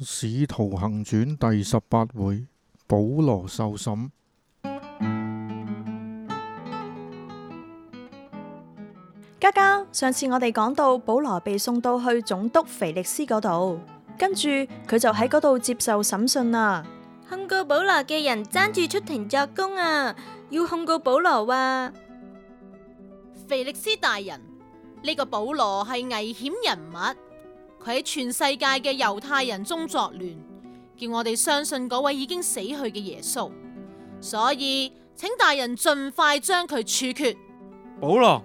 《使徒行傳》第十八回，保羅受審。嘉嘉，上次我哋講到保羅被送到去總督腓力斯嗰度，跟住佢就喺嗰度接受審訊啦。控告保羅嘅人爭住出庭作供啊！要控告保羅啊，腓力斯大人，呢個保羅係危險人物。佢喺全世界嘅猶太人中作亂，叫我哋相信嗰位已經死去嘅耶穌，所以請大人盡快將佢處決。保羅，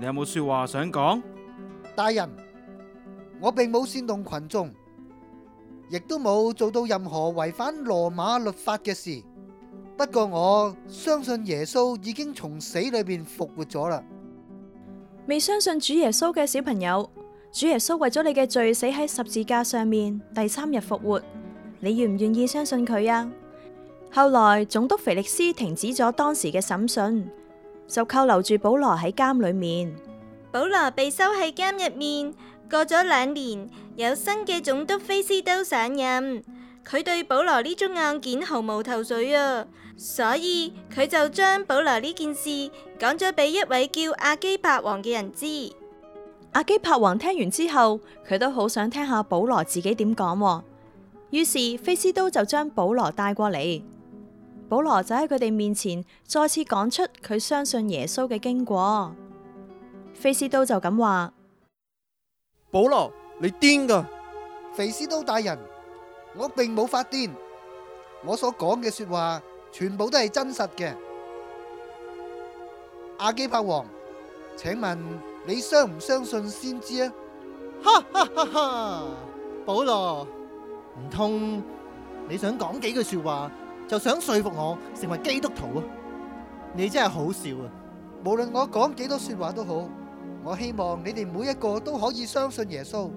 你有冇說話想講？大人，我並冇煽動群眾，亦都冇做到任何違反羅馬律法嘅事。不過我相信耶穌已經從死裏邊復活咗啦。未相信主耶穌嘅小朋友。主耶穌為咗你嘅罪死喺十字架上面，第三日復活，你願唔願意相信佢啊？後來總督腓力斯停止咗當時嘅審訊，就扣留住保羅喺監裏面。保羅被收喺監入面，過咗兩年，有新嘅總督菲斯都上任，佢對保羅呢宗案件毫無頭緒啊，所以佢就將保羅呢件事講咗俾一位叫阿基伯王嘅人知。阿基柏王聽完之後，佢都好想聽下保羅自己點講，於是菲斯都就將保羅帶過嚟，保羅就喺佢哋面前再次講出佢相信耶穌嘅經過。菲斯都就咁話：保羅，你癲噶？菲斯都大人，我並冇發癲，我所講嘅說話全部都係真實嘅。阿基柏王，請問？你相唔相信先知啊？哈哈哈！哈，保羅，唔通你想講幾句說話就想說服我成為基督徒啊？你真係好笑啊！無論我講幾多說話都好，我希望你哋每一個都可以相信耶穌。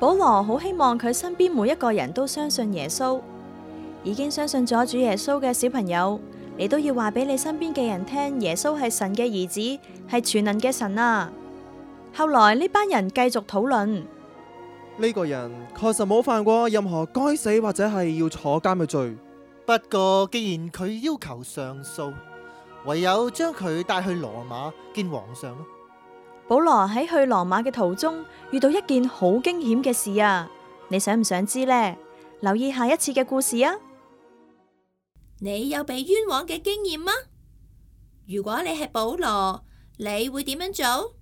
保羅好希望佢身邊每一個人都相信耶穌，已經相信咗主耶穌嘅小朋友。你都要話俾你身邊嘅人聽，耶穌係神嘅兒子，係全能嘅神啊！後來呢班人繼續討論，呢個人確實冇犯過任何該死或者係要坐監嘅罪。不過既然佢要求上訴，唯有將佢帶去羅馬見皇上咯。保羅喺去羅馬嘅途中遇到一件好驚險嘅事啊！你想唔想知呢？留意下一次嘅故事啊！你有被冤枉嘅經驗嗎？如果你係保羅，你會點樣做？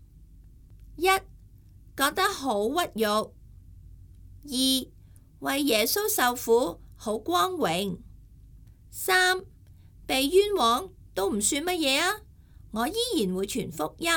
一、覺得好屈辱；二、為耶穌受苦，好光榮；三、被冤枉都唔算乜嘢啊，我依然會傳福音。